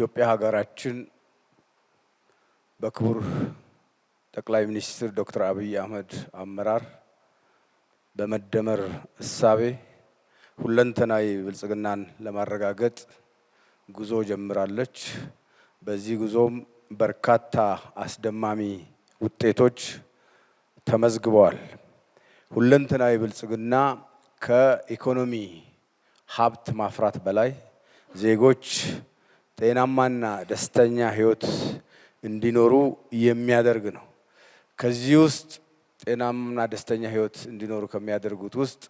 ኢትዮጵያ ሀገራችን በክቡር ጠቅላይ ሚኒስትር ዶክተር አብይ አህመድ አመራር በመደመር እሳቤ ሁለንተናዊ ብልጽግናን ለማረጋገጥ ጉዞ ጀምራለች። በዚህ ጉዞም በርካታ አስደማሚ ውጤቶች ተመዝግበዋል። ሁለንተናዊ ብልጽግና ከኢኮኖሚ ሀብት ማፍራት በላይ ዜጎች ጤናማና ደስተኛ ህይወት እንዲኖሩ የሚያደርግ ነው። ከዚህ ውስጥ ጤናማና ደስተኛ ህይወት እንዲኖሩ ከሚያደርጉት ውስጥ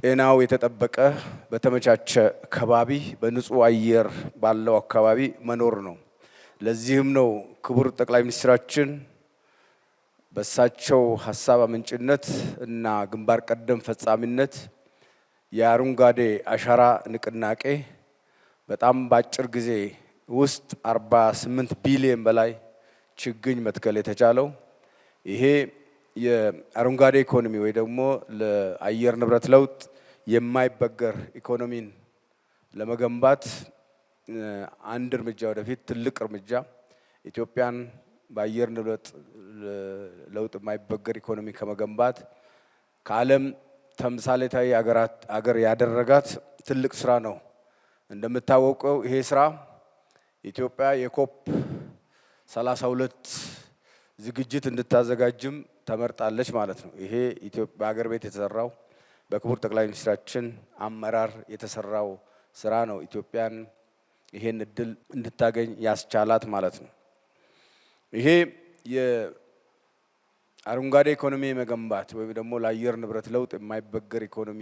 ጤናው የተጠበቀ በተመቻቸ ከባቢ በንጹህ አየር ባለው አካባቢ መኖር ነው። ለዚህም ነው ክቡር ጠቅላይ ሚኒስትራችን በእሳቸው ሀሳብ አመንጭነት እና ግንባር ቀደም ፈጻሚነት የአረንጓዴ አሻራ ንቅናቄ በጣም በአጭር ጊዜ ውስጥ 48 ቢሊዮን በላይ ችግኝ መትከል የተቻለው ይሄ የአረንጓዴ ኢኮኖሚ ወይ ደግሞ ለአየር ንብረት ለውጥ የማይበገር ኢኮኖሚን ለመገንባት አንድ እርምጃ ወደፊት ትልቅ እርምጃ ኢትዮጵያን በአየር ንብረት ለውጥ የማይበገር ኢኮኖሚ ከመገንባት ከዓለም ተምሳሌታዊ አገር ያደረጋት ትልቅ ስራ ነው። እንደምታወቀው ይሄ ስራ ኢትዮጵያ የኮፕ 32 ዝግጅት እንድታዘጋጅም ተመርጣለች ማለት ነው። ይሄ በሀገር ቤት የተሰራው በክቡር ጠቅላይ ሚኒስትራችን አመራር የተሰራው ስራ ነው ኢትዮጵያን ይሄን እድል እንድታገኝ ያስቻላት ማለት ነው። ይሄ የአረንጓዴ ኢኮኖሚ መገንባት ወይም ደግሞ ለአየር ንብረት ለውጥ የማይበገር ኢኮኖሚ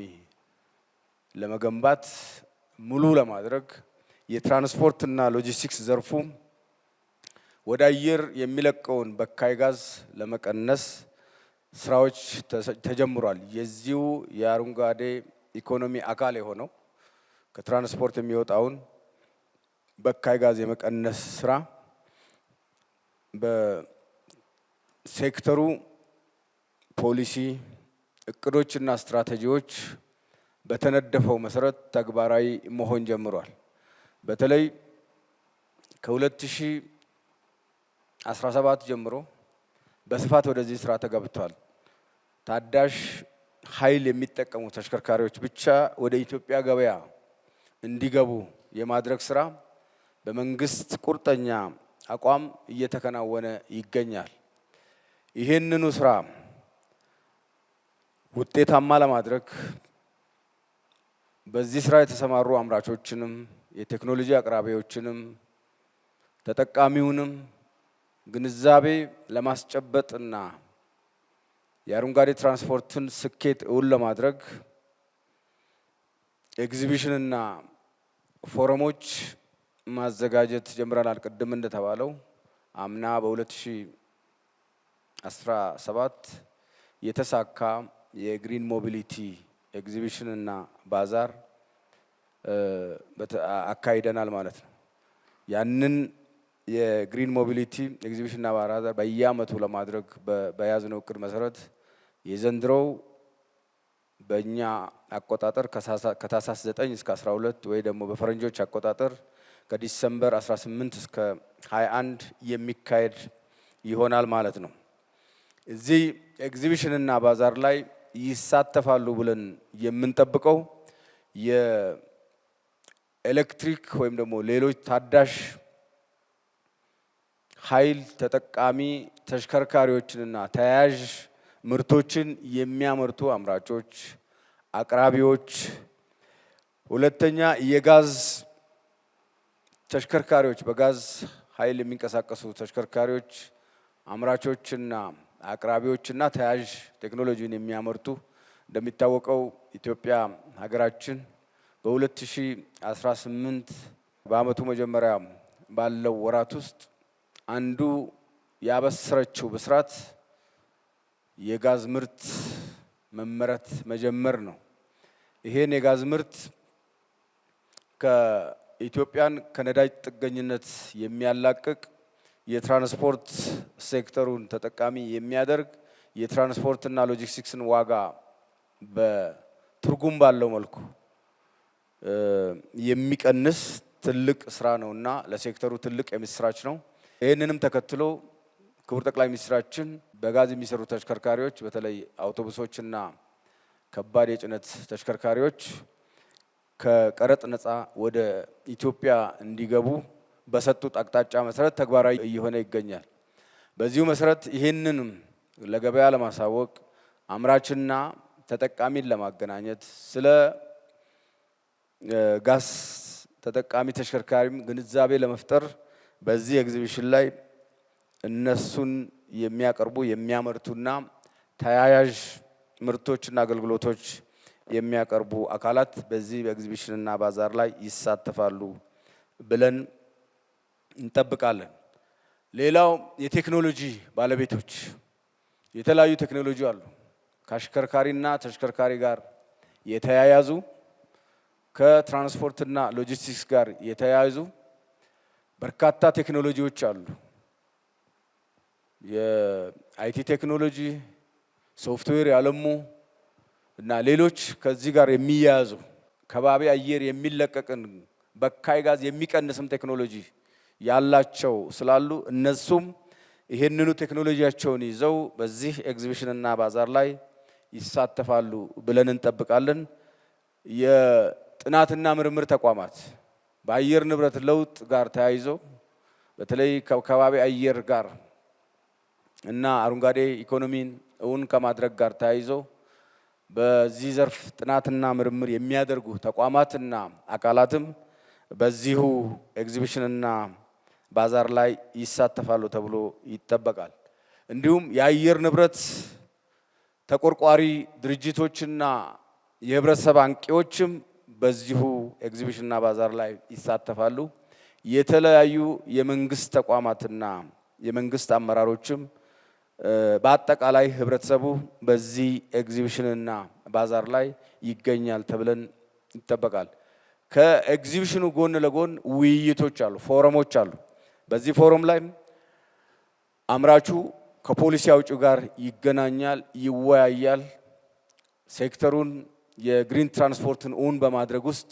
ለመገንባት ሙሉ ለማድረግ የትራንስፖርትና ሎጂስቲክስ ዘርፉ ወደ አየር የሚለቀውን በካይ ጋዝ ለመቀነስ ስራዎች ተጀምሯል። የዚሁ የአረንጓዴ ኢኮኖሚ አካል የሆነው ከትራንስፖርት የሚወጣውን በካይ ጋዝ የመቀነስ ስራ በሴክተሩ ፖሊሲ እቅዶችና ስትራቴጂዎች በተነደፈው መሰረት ተግባራዊ መሆን ጀምሯል። በተለይ ከ2017 ጀምሮ በስፋት ወደዚህ ስራ ተገብቷል። ታዳሽ ኃይል የሚጠቀሙ ተሽከርካሪዎች ብቻ ወደ ኢትዮጵያ ገበያ እንዲገቡ የማድረግ ስራ በመንግስት ቁርጠኛ አቋም እየተከናወነ ይገኛል። ይህንኑ ስራ ውጤታማ ለማድረግ በዚህ ስራ የተሰማሩ አምራቾችንም የቴክኖሎጂ አቅራቢዎችንም ተጠቃሚውንም ግንዛቤ ለማስጨበጥና የአረንጓዴ ትራንስፖርትን ስኬት እውን ለማድረግ ኤግዚቢሽንና ፎረሞች ማዘጋጀት ጀምረናል። ቅድም እንደተባለው አምና በ2017 የተሳካ የግሪን ሞቢሊቲ ኤግዚቢሽንና ባዛር አካሂደናል ማለት ነው። ያንን የግሪን ሞቢሊቲ ኤግዚቢሽንና እና ባዛር በየአመቱ ለማድረግ በያዝነው እቅድ መሰረት የዘንድሮው በእኛ አቆጣጠር ከታህሳስ 9 እስከ 12 ወይ ደግሞ በፈረንጆች አቆጣጠር ከዲሰምበር 18 እስከ 21 የሚካሄድ ይሆናል ማለት ነው። እዚህ ኤግዚቢሽንና ባዛር ላይ ይሳተፋሉ ብለን የምንጠብቀው የኤሌክትሪክ ወይም ደግሞ ሌሎች ታዳሽ ኃይል ተጠቃሚ ተሽከርካሪዎችንና ተያያዥ ምርቶችን የሚያመርቱ አምራቾች፣ አቅራቢዎች፣ ሁለተኛ የጋዝ ተሽከርካሪዎች በጋዝ ኃይል የሚንቀሳቀሱ ተሽከርካሪዎች አምራቾችና አቅራቢዎችና ተያዥ ቴክኖሎጂን የሚያመርቱ እንደሚታወቀው ኢትዮጵያ ሀገራችን በ2018 በአመቱ መጀመሪያ ባለው ወራት ውስጥ አንዱ ያበሰረችው ብስራት የጋዝ ምርት መመረት መጀመር ነው። ይሄን የጋዝ ምርት ከኢትዮጵያን ከነዳጅ ጥገኝነት የሚያላቅቅ የትራንስፖርት ሴክተሩን ተጠቃሚ የሚያደርግ የትራንስፖርትና ሎጂስቲክስን ዋጋ በትርጉም ባለው መልኩ የሚቀንስ ትልቅ ስራ እና ለሴክተሩ ትልቅ የምስራች ነው። ይህንንም ተከትሎ ክቡር ጠቅላይ ሚኒስትራችን በጋዝ የሚሰሩ ተሽከርካሪዎች በተለይ አውቶቡሶችና ከባድ የጭነት ተሽከርካሪዎች ከቀረጥ ነፃ ወደ ኢትዮጵያ እንዲገቡ በሰጡት አቅጣጫ መሰረት ተግባራዊ እየሆነ ይገኛል። በዚሁ መሰረት ይህንን ለገበያ ለማሳወቅ አምራችና ተጠቃሚን ለማገናኘት ስለ ጋስ ተጠቃሚ ተሽከርካሪም ግንዛቤ ለመፍጠር በዚህ ኤግዚቢሽን ላይ እነሱን የሚያቀርቡ የሚያመርቱና ተያያዥ ምርቶችና አገልግሎቶች የሚያቀርቡ አካላት በዚህ በኤግዚቢሽንና ባዛር ላይ ይሳተፋሉ ብለን እንጠብቃለን። ሌላው የቴክኖሎጂ ባለቤቶች የተለያዩ ቴክኖሎጂ አሉ። ከአሽከርካሪና ተሽከርካሪ ጋር የተያያዙ ከትራንስፖርትና ሎጂስቲክስ ጋር የተያያዙ በርካታ ቴክኖሎጂዎች አሉ። የአይቲ ቴክኖሎጂ፣ ሶፍትዌር ያለሙ እና ሌሎች ከዚህ ጋር የሚያያዙ ከባቢ አየር የሚለቀቅን በካይ ጋዝ የሚቀንስም ቴክኖሎጂ ያላቸው ስላሉ እነሱም ይህንኑ ቴክኖሎጂያቸውን ይዘው በዚህ ኤግዚቢሽንና ባዛር ላይ ይሳተፋሉ ብለን እንጠብቃለን። የጥናትና ምርምር ተቋማት በአየር ንብረት ለውጥ ጋር ተያይዞ በተለይ ከባቢ አየር ጋር እና አረንጓዴ ኢኮኖሚን እውን ከማድረግ ጋር ተያይዞ በዚህ ዘርፍ ጥናትና ምርምር የሚያደርጉ ተቋማትና አካላትም በዚሁ ኤግዚቢሽንና ባዛር ላይ ይሳተፋሉ ተብሎ ይጠበቃል። እንዲሁም የአየር ንብረት ተቆርቋሪ ድርጅቶችና የህብረተሰብ አንቂዎችም በዚሁ ኤግዚቢሽንና ባዛር ላይ ይሳተፋሉ። የተለያዩ የመንግስት ተቋማትና የመንግስት አመራሮችም በአጠቃላይ ህብረተሰቡ በዚህ ኤግዚቢሽንና ባዛር ላይ ይገኛል ተብለን ይጠበቃል። ከኤግዚቢሽኑ ጎን ለጎን ውይይቶች አሉ፣ ፎረሞች አሉ። በዚህ ፎረም ላይ አምራቹ ከፖሊሲ አውጪው ጋር ይገናኛል፣ ይወያያል። ሴክተሩን የግሪን ትራንስፖርትን እውን በማድረግ ውስጥ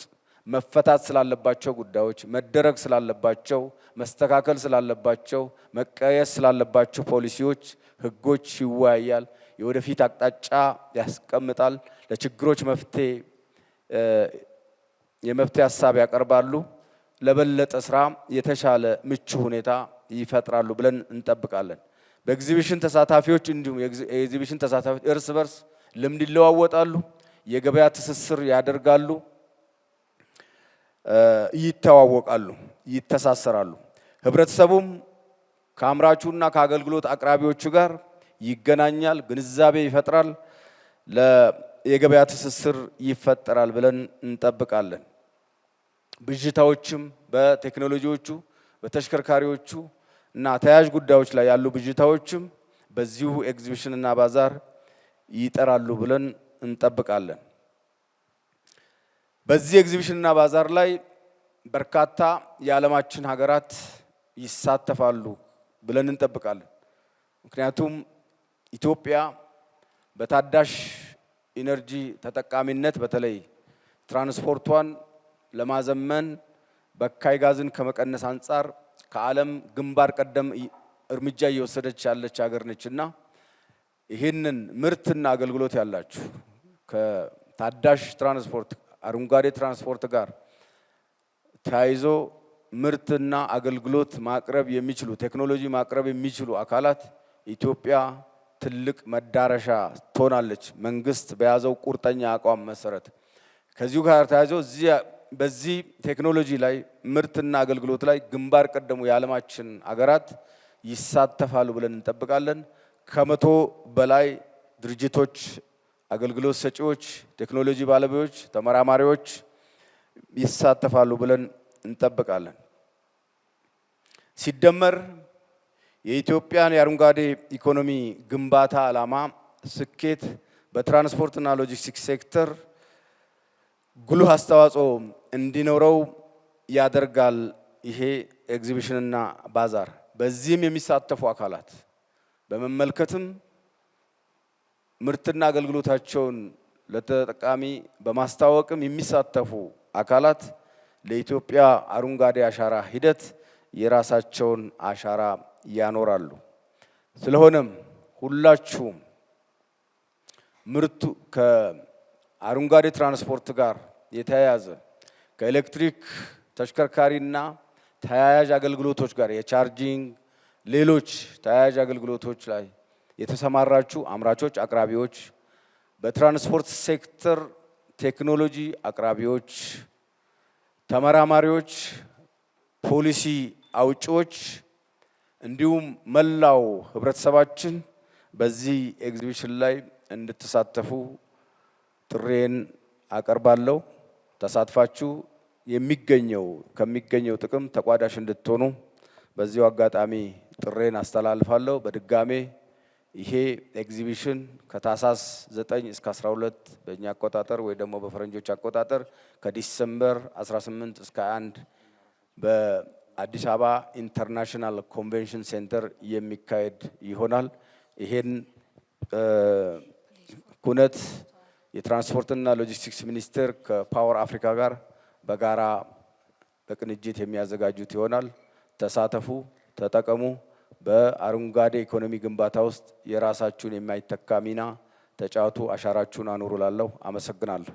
መፈታት ስላለባቸው ጉዳዮች፣ መደረግ ስላለባቸው፣ መስተካከል ስላለባቸው፣ መቀየስ ስላለባቸው ፖሊሲዎች፣ ህጎች ይወያያል። የወደፊት አቅጣጫ ያስቀምጣል። ለችግሮች መፍትሄ የመፍትሄ ሀሳብ ያቀርባሉ። ለበለጠ ስራ የተሻለ ምቹ ሁኔታ ይፈጥራሉ ብለን እንጠብቃለን። በኤግዚቢሽን ተሳታፊዎች እንዲሁም የኤግዚቢሽን ተሳታፊዎች እርስ በርስ ልምድ ይለዋወጣሉ፣ የገበያ ትስስር ያደርጋሉ፣ ይተዋወቃሉ፣ ይተሳሰራሉ። ህብረተሰቡም ከአምራቹና ከአገልግሎት አቅራቢዎቹ ጋር ይገናኛል፣ ግንዛቤ ይፈጥራል፣ የገበያ ትስስር ይፈጠራል ብለን እንጠብቃለን። ብዥታዎችም በቴክኖሎጂዎቹ በተሽከርካሪዎቹ እና ተያያዥ ጉዳዮች ላይ ያሉ ብዥታዎችም በዚሁ ኤግዚቢሽን እና ባዛር ይጠራሉ ብለን እንጠብቃለን። በዚህ ኤግዚቢሽን እና ባዛር ላይ በርካታ የዓለማችን ሀገራት ይሳተፋሉ ብለን እንጠብቃለን። ምክንያቱም ኢትዮጵያ በታዳሽ ኢነርጂ ተጠቃሚነት በተለይ ትራንስፖርቷን ለማዘመን በካይ ጋዝን ከመቀነስ አንጻር ከዓለም ግንባር ቀደም እርምጃ እየወሰደች ያለች ሀገር ነችና ይህንን ምርትና አገልግሎት ያላችሁ ከታዳሽ ትራንስፖርት አረንጓዴ ትራንስፖርት ጋር ተያይዞ ምርትና አገልግሎት ማቅረብ የሚችሉ ቴክኖሎጂ ማቅረብ የሚችሉ አካላት ኢትዮጵያ ትልቅ መዳረሻ ትሆናለች። መንግስት በያዘው ቁርጠኛ አቋም መሰረት ከዚሁ ጋር ተያይዞ እዚህ በዚህ ቴክኖሎጂ ላይ ምርትና አገልግሎት ላይ ግንባር ቀደሙ የዓለማችን አገራት ይሳተፋሉ ብለን እንጠብቃለን። ከመቶ በላይ ድርጅቶች፣ አገልግሎት ሰጪዎች፣ ቴክኖሎጂ ባለቤዎች፣ ተመራማሪዎች ይሳተፋሉ ብለን እንጠብቃለን። ሲደመር የኢትዮጵያን የአረንጓዴ ኢኮኖሚ ግንባታ ዓላማ ስኬት በትራንስፖርትና ሎጂስቲክስ ሴክተር ጉልህ አስተዋጽኦ እንዲኖረው ያደርጋል። ይሄ ኤግዚቢሽንና ባዛር በዚህም የሚሳተፉ አካላት በመመልከትም ምርትና አገልግሎታቸውን ለተጠቃሚ በማስታወቅም የሚሳተፉ አካላት ለኢትዮጵያ አረንጓዴ አሻራ ሂደት የራሳቸውን አሻራ ያኖራሉ። ስለሆነም ሁላችሁም ምርቱ አረንጓዴ ትራንስፖርት ጋር የተያያዘ ከኤሌክትሪክ ተሽከርካሪና ተያያዥ አገልግሎቶች ጋር የቻርጂንግ ሌሎች ተያያዥ አገልግሎቶች ላይ የተሰማራችሁ አምራቾች፣ አቅራቢዎች፣ በትራንስፖርት ሴክተር ቴክኖሎጂ አቅራቢዎች፣ ተመራማሪዎች፣ ፖሊሲ አውጪዎች እንዲሁም መላው ህብረተሰባችን በዚህ ኤግዚቢሽን ላይ እንድትሳተፉ ጥሬን አቀርባለሁ። ተሳትፋችሁ የሚገኘው ከሚገኘው ጥቅም ተቋዳሽ እንድትሆኑ በዚሁ አጋጣሚ ጥሬን አስተላልፋለሁ። በድጋሜ ይሄ ኤግዚቢሽን ከታሳስ 9 እስከ 12 በእኛ አቆጣጠር ወይ ደግሞ በፈረንጆች አቆጣጠር ከዲሰምበር 18 እስከ 1 በአዲስ አበባ ኢንተርናሽናል ኮንቬንሽን ሴንተር የሚካሄድ ይሆናል። ይሄን ኩነት የትራንስፖርትና ሎጂስቲክስ ሚኒስቴር ከፓወር አፍሪካ ጋር በጋራ በቅንጅት የሚያዘጋጁት ይሆናል። ተሳተፉ፣ ተጠቀሙ። በአረንጓዴ ኢኮኖሚ ግንባታ ውስጥ የራሳችሁን የማይተካ ሚና ተጫወቱ። አሻራችሁን አኑሩ። ላለሁ አመሰግናለሁ።